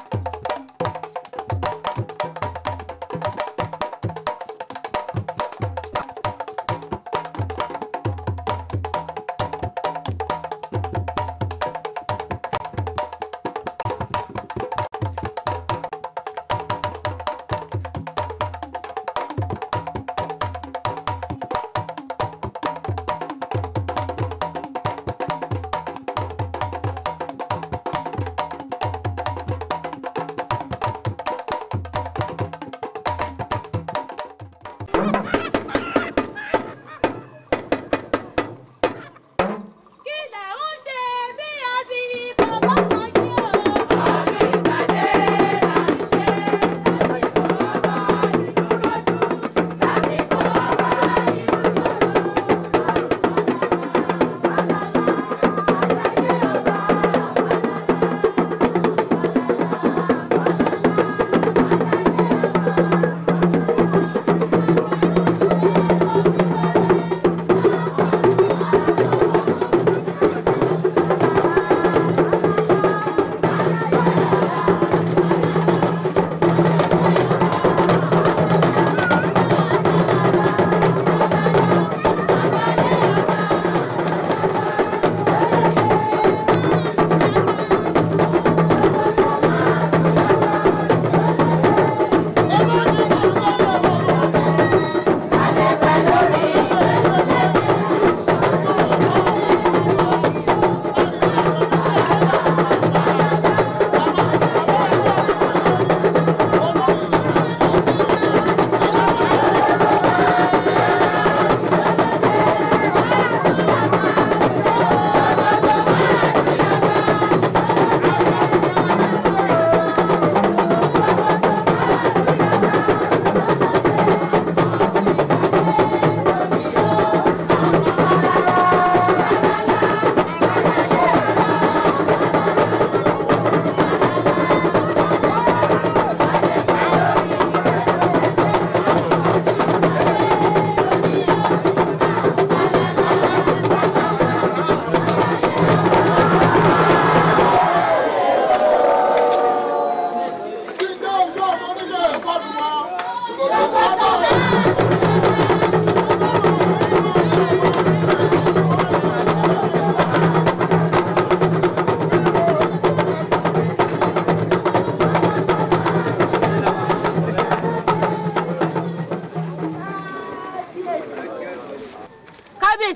you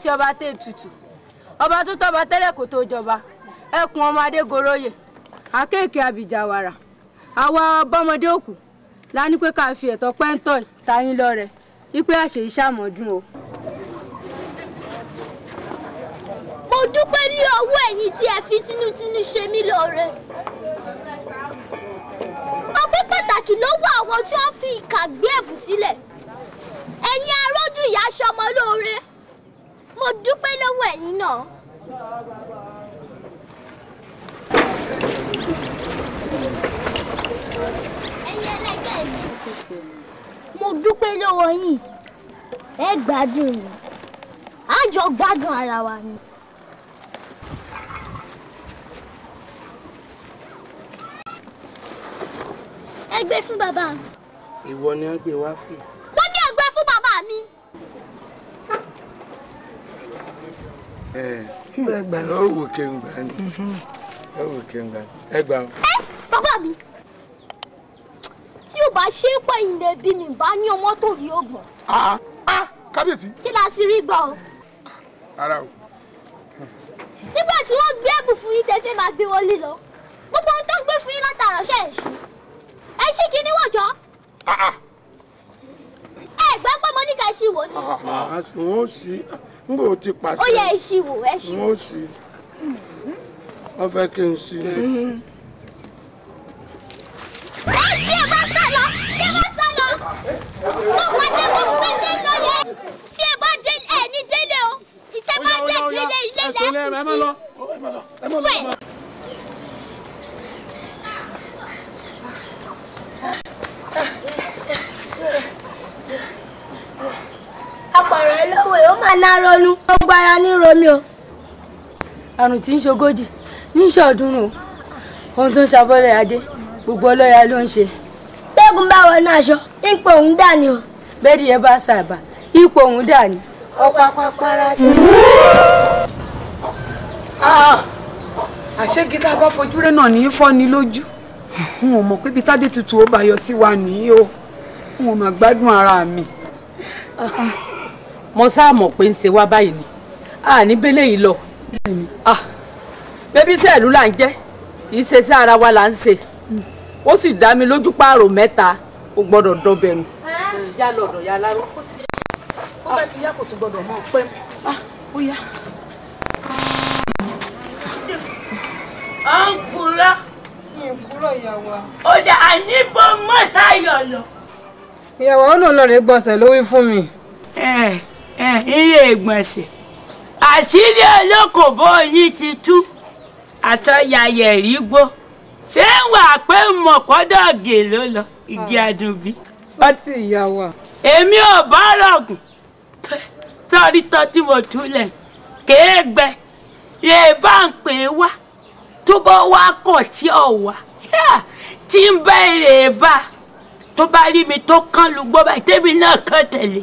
kábíyèsí ọba tẹ ètùtù ọba tuntun ọba tẹ́lẹ̀ kò tó jọba ẹkùn ọmọ adégoróyè akéèké àbíjàwàrà àwa ọbọmọdé òkú la ní pé ká fi ẹ̀tọ́ pẹ́ńtọ́ tayín lọ́rẹ wípé àṣẹ ìṣàmọ́dún o. mo dúpẹ́ ní ọwọ́ ẹ̀yìn tí ẹ fi tinútinú ṣe mí lóore. ọpẹ́ pàtàkì ló wọ àwọn tí wọ́n fi ìkà gbé ẹ̀bùn sílẹ̀ ẹ̀yin arójú ìyá aṣọ ọmọ lóore. mo dúpẹ́ lọ́wọ́ ẹ̀yin náà. ẹ̀yin ẹlẹgbẹ́ mi. mo dúpẹ́ lọ́wọ́ yín ẹ gbádùn mi a jọ gbádùn ara wa ni. ẹ gbé fún bàbá. ìwọ ni wọn gbé wá fún. ẹgbà ni. ó wò kéńgbà ni ó wò kéńgbà ni ẹgbà. ẹ bàbá mi tí ò bá ṣe é pẹ́ ìlẹ̀ bí mi bá ní ọmọ tó rí ogun. kábíyèsí. kí la ti rí gbọ́ o. ara o. nígbà tí wọ́n gbé ẹ̀bùn fún yín tẹ́sẹ̀ máa gbé wọlé lọ gbogbo ohun tó ń gbé fún yín látara ṣe é ṣe ẹ ṣí kinní wọ̀jọ́. ẹ gbẹ́ pọ́ mọ́ ní ká ni. wọ́n sì n ti pàṣẹ. ó yẹ ẹṣin wò ẹṣin wò. n ó sì wọ́n fẹ́ kí n sí. ẹ tí ẹ bá sá lọ ẹ bá sá lọ mo pàṣẹ mo pé ṣé ń lọ yẹ tí ẹ bá dé ẹ ní délé o ìtẹ́ bá dé délé ilé lẹ́kùn sí. ẹ má lọ ẹ má lọ. rẹ̀ ó máa ná ronú ó gbára ní romi o. àrùn tí ń ṣogójì ní ìṣọ̀ọ́dúnrún ohun tó ń ṣàbọ̀lẹ̀ adé gbogbo ọlọ́yà ló ń ṣe. gbẹ́gun bá wọnú aṣọ ipò òun dà ni o. bẹ́ẹ̀ni ẹ bá ṣàbà ipò òun dà ni. ọ̀pá pàpàrà ni. Ah! àṣé gíga bá fojú náà ní fọ́ ni lójú n ò mọ̀ pé ibi tádé tutù ó bá yọ sí wa nìyí o mo sáà mọ̀ pé ń ṣe wá báyìí ni a ní bẹ́lẹ̀ yìí lọ ah, bébí sẹ́ẹ̀lú là ń jẹ́ kìí ṣe sí ara wa là ń ṣe ó sì dá mi lójú páàrọ̀ mẹ́ta ó gbọ́dọ̀ dọbẹ̀ nù. ìyá lọ̀dọ̀ ya láró. ó bá ti yá kò tún gbọ́dọ̀ mọ̀ pé ah, ó yá. à ń kúrọ́. mi ò kúrọ̀ ìyàwó. ó dà àníbó mọ́ta yọ̀ lọ. ìyàwó ó lò lọ́ọ́ rẹ̀ gbọ́sẹ̀ ló wí fún mi. ẹ̀ẹ́. Eh ilé ìgbọ̀nsẹ̀ àṣírí olókòbó yìí ti tú àsọyàyẹ̀ rí gbó ṣé ń wà pé mọ̀kọ́dọ̀gè ló lọ igi àdùnbí. Ah. ó ti yà wá. èmi ò bá rọ̀gùn torí tọ́tí mo túlẹ̀ kéègbẹ lè bá ń pè é wá túbọ̀ wá kọ̀ tí ò wá tí ń bá èrè bá tó bá rí mi tó kán lu gbọ́ báyìí tèmi náà kàn tẹ̀lé.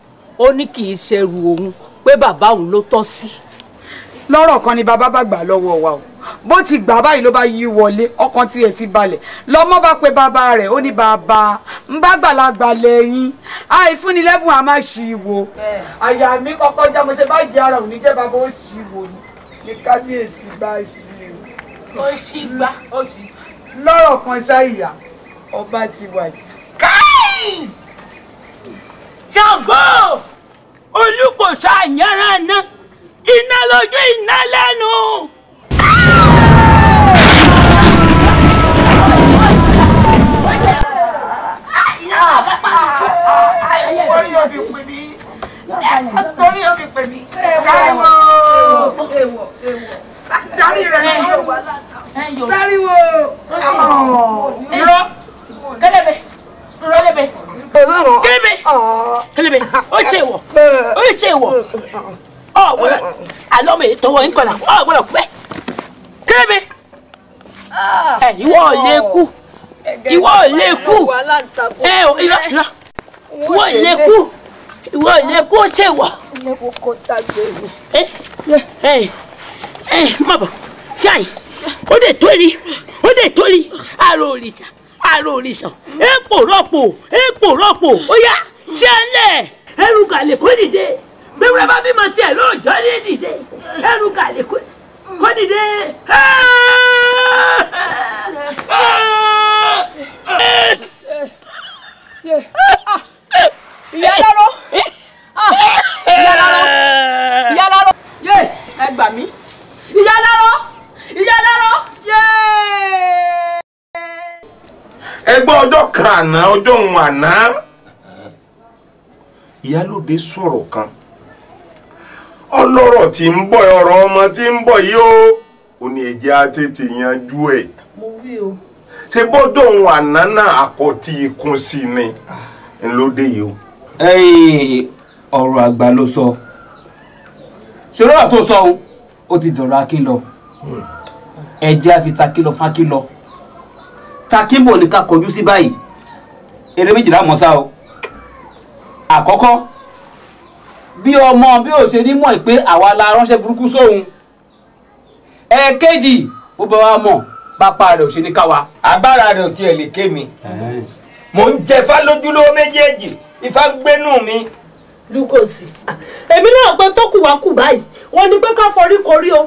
ó ní kì í ṣẹrù òun pé bàbá òun ló tọ́ sí. lọ́rọ̀ kan ni bàbá bá gbà lọ́wọ́ wa o bó ti gbà báyìí ló bá yí wọlé ọkàn tiẹ̀ ti balẹ̀ lọ́mọ bá pe bàbá rẹ̀ ó ní bàbá ń bá gbàlagbà lẹ́yìn àìfúnnilẹ́bùn a máa ṣì wò àyà mi kọ́kọ́ já mo ṣe bá jẹ ara òní jẹ́ bàbá ó ṣì wò ní kábíyèsí bá ṣì wò. ó ṣì gbá ó ṣì. lọ́rọ̀ kan ṣáìyà ọba ti wà. káì ṣàgó olùkóso àyànràn náà iná lójú iná lẹ́nu. torí o fi pè mí torí o fi pè mí káríwó darí rẹ káríwó. rọ kẹlẹbẹ rọ lẹbẹ kelebe kelebe o ye tiɲɛ wɔ o ye tiɲɛ wɔ ɔ wala alɔ ah. mi tɔwɔ n kɔnɔ ɔ wala kubɛ kelebe ɛ ìwọ oh, oh, le ah. eh, eh, oh, kú ìwọ le kú ɛ ìlọ ìlọ ìwọ le kú ìwọ le kú o tiɲɛ wɔ. ne ko ko ta gbé mi. ɛ ɛ ɛ mabɔ fiyan o de tori o de tori alo olisa àrò òrìṣàn èèpò rọpò èèpò rọpò ó yá ṣẹlẹ̀ ẹrù kàlẹ kó dìde gbẹwúrẹ bá bímọ tiẹ lóòjọ́ ní dìde ẹrù kàlẹ kó dìde. ìyá lọ́rọ́ ìyá lọ́rọ́ ìyá lọ́rọ́ yé ẹ gbà mí ìyá lọ́rọ́ ìyá lọ́rọ́ yé. ẹgbẹ́ ọjọ́ kan àná ọjọ́ òun àná ìyálòde sọ̀rọ̀ kan ọlọ́rọ̀ tí ń bọ̀ ọ̀rọ̀ ọmọ tí ń bọ̀ yìí ni eji ní ẹ jẹ́ yanjú ẹ̀ ṣe bọ́jọ́ òun náà àkọ́tì ikún sí ni ńlọdẹ yìí o. ọ̀rọ̀ àgbà ló sọ ṣòro àtò sọ o ti dọ̀rọ̀ akílọ lọ, hmm. fi takíbò ní ká kọjú sí báyìí eré méjìlá mọ́sá o àkọ́kọ́ bí ọmọ bí ò ṣe ní mọ̀ pé àwa la ránṣẹ́ burúkú sóhun ẹ̀ẹ̀kejì ó bá wa mọ̀ pápá rẹ̀ ò ṣe ní káwa. agbára rẹ̀ ò tiẹ̀ lè ké mi mò ń jẹ ifá lójúlówó méjèèjì ifá ń gbénú mi lukosi èmi náà pé tó báyìí wọn ni pé ká forí korí o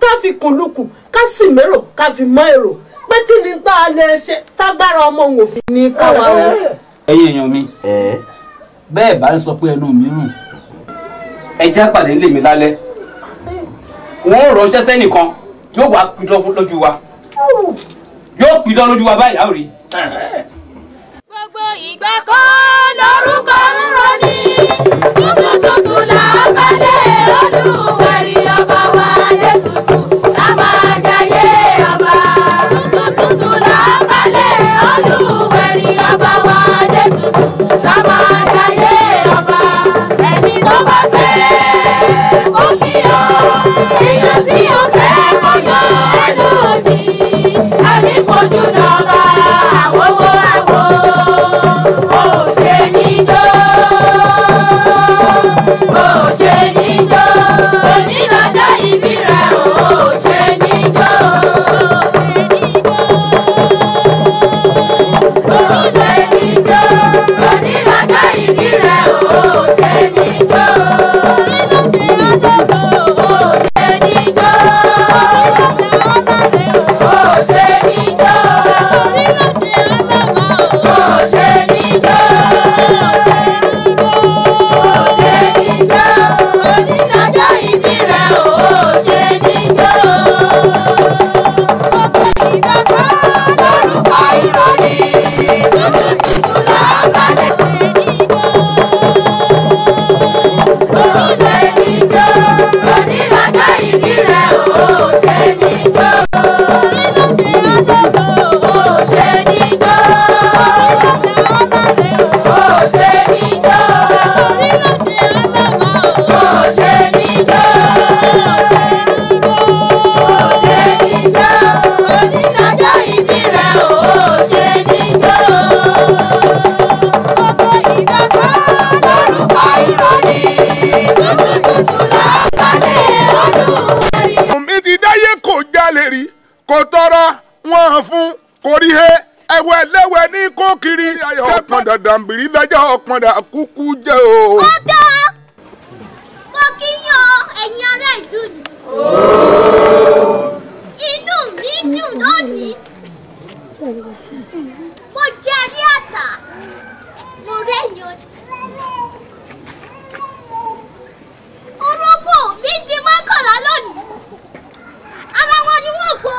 ká fi kùn lukùn ká sì mérò ká fi mọ èrò pé kí ni tá a lè ṣe tágbára ọmọ òfin ní káwa o. ẹ̀yin èèyàn mi bẹ́ẹ̀ bá ń sọ pé ẹnu mi rùn ẹjẹ́ àpàdé ń lè mí lálẹ́ wọn ò ránṣẹ́ sẹ́nìkan yóò wá pidán lójú wa yóò pidán lójú wa báyìí àwòrì. gbogbo ìgbà kan lórúkọ ń rọ ní tuntun. 감사합니다. 아, ẹ̀wẹ̀ ẹlẹ́wẹ̀ ní kó kiri. ayọ̀ ọ̀pọ̀dà dàmbìrì lọ́jọ́ ọ̀pọ̀dà kúkú jẹ́ o. ó mo kí yan ẹ̀yin ará ìlú ni. inú mi dùn lónìí. mo jẹ rí àtà mo rẹ́yìn ọtí. orógbó mi di mọ́kànlá lónìí. ara wọn ni wọ́n gbó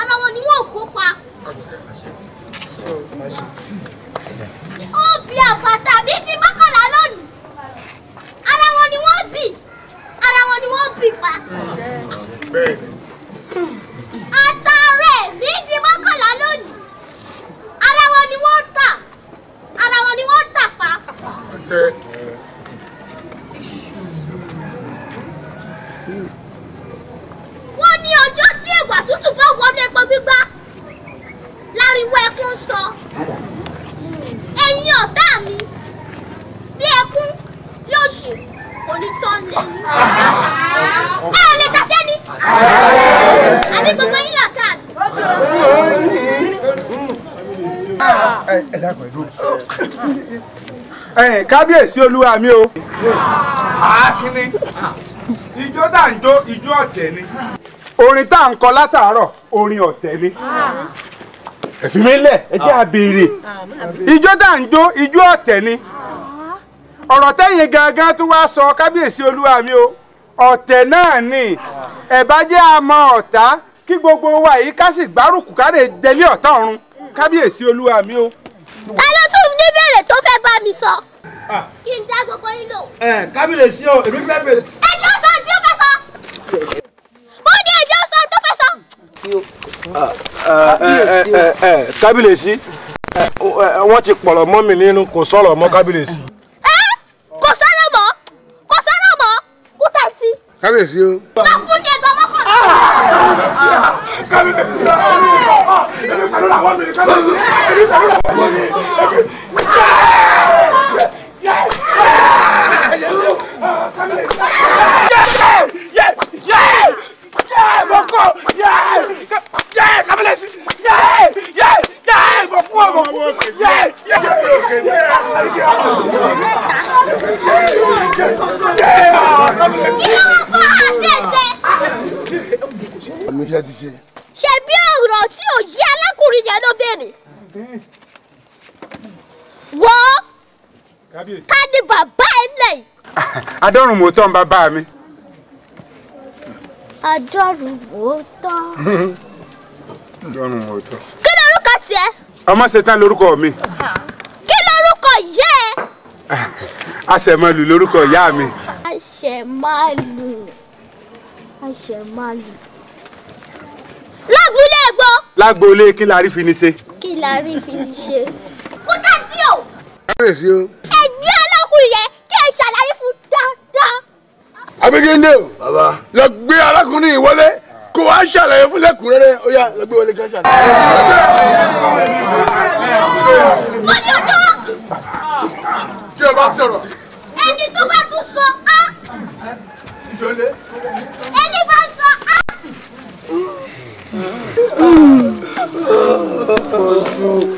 ara wọn ni wọ́n gbó pa ó bí àpáta bíi ti mọ́kànlá lónìí ara wọn ni wọ́n bì ara wọn ni wọ́n bì pa. ẹ dákun ẹ dúró. ẹ kábíyèsí olúwa mi o. àákíní ìjó tá à ń jó ìjó ọ̀tẹ̀ ni. orin tá à ń kọ látàárọ̀ orin ọ̀tẹ̀ ni. ẹ̀fín mi lẹ̀ ẹ jẹ́ àbèrè ìjó tá à ń jó ìjó ọ̀tẹ̀ ni. ọ̀rọ̀ tẹ́yìn gangan tó wá sọ kábíyèsí olúwa mi o ọ̀tẹ̀ náà ni ẹ bá jẹ́ àmọ́ ọ̀tá kí gbogbo wa yìí ká sì gbárùkù ká délé ọ̀tá ọ̀run kábíyèsí olúwa mi o. ta ló tún ní bèrè tó fẹ́ bá mi sọ. kí n dá gbogbo yín lò. ẹ kábíyèsí o èmi fẹ́ bèrè. ẹjọ́ sọ tí ó fẹ́ sọ. bó ní ẹjọ́ sọ tó fẹ́ sọ. kábíyèsí wọ́n ti pọ̀rọ̀ mọ́ mi nínú kò sọ̀rọ̀ mọ́ kábíyèsí. ẹ kò sọ̀rọ̀ mọ́ kò sọ̀rọ̀ mọ́ kúta ti. kábíyèsí o. bá fún àwọn obìnrin kan lọ́wọ́ èmi kò rúra pẹ̀lú mi. Yeah! adọ́rùn mò tán bàbá mi. adọ́rùn mò tán. adọ́rùn mò tán. kí lorúkọ tiẹ̀. ọmọ ṣetán lorúkọ mi. kí lorúkọ yẹ. àṣẹmọlù lorúkọ ìyá mi. àṣẹmọlù àṣẹmọlù. lágbóolé gbọ́. lágbóolé kí la rí fi ni ṣe. kí la rí fi ni ṣe. kúta tí o. kábíyèsí o. ẹgbẹ́ alákùnrin yẹn abigende o lọ gbé alákùnrin yìí wọlé kó wàá ṣàlàyé fún lẹ́kùnrẹ́rẹ́ ó yá lọ gbé wọlé ká ṣàlàyé. tí o bá sọ̀rọ̀. ẹni tó bá tún sọ á. ẹni bá sọ á. ojú.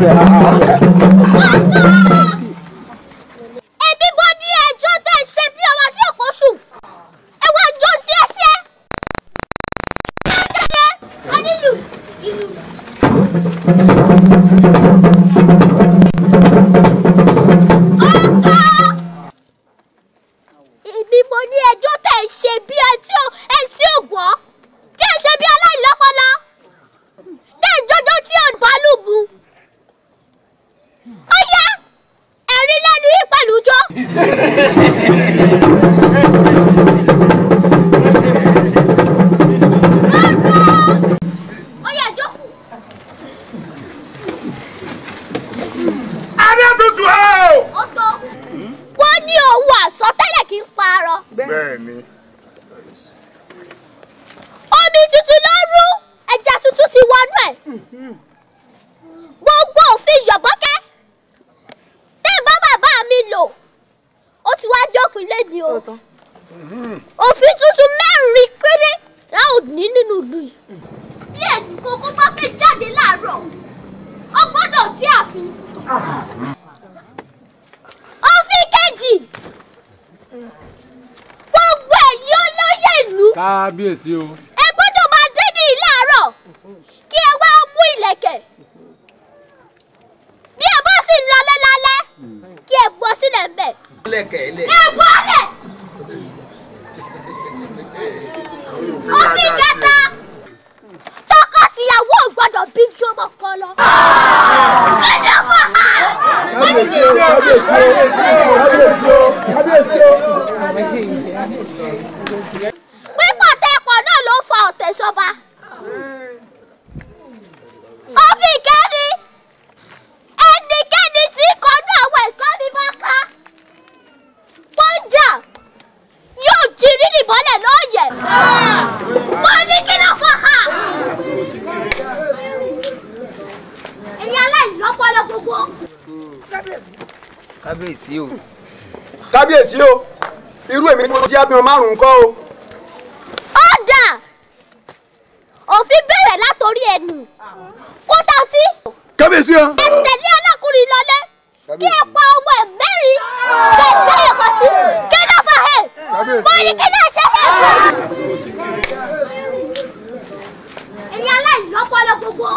Gracias. òfin tuntun mẹ́rin péré la ò ní nínú ìlú yìí bí ẹnì kankan bá fẹ́ jáde láàárọ̀ ó gbọ́dọ̀ dé ààfin. òfin kejì gbogbo ẹ̀yin olóyè ìlú. kábíyèsí o. ẹ gbọ́dọ̀ máa dé ní ìlàárọ̀ kí ẹ wá mú ìlẹ̀kẹ̀ bí ẹ bá sì ń lálẹ́ lálẹ́ kí ẹ bọ́ sílẹ̀ ń bẹ̀. kí ẹ bọ́ rẹ̀ ó fi kẹta tọkọ tìyàwó ò gbọ́dọ̀ bíjú. yìí o irú èmi ni mo jẹ́ abirùn márùn-ún kọ́ o. ó dà òfin bẹ̀rẹ̀ látòrí ẹnu kó tá a ti. kábíyèsí o. ẹ tẹ̀lé alákùnrin lọlé kí ẹ pa ọmọ ẹ mẹ́rin kí ẹ gbé ẹ̀kọ́ sí kí ẹ náà fà hẹ́ mọ ní kí náà ṣe hẹ́. ẹ̀yin aláìlọ́pọ̀ lọ gbogbo.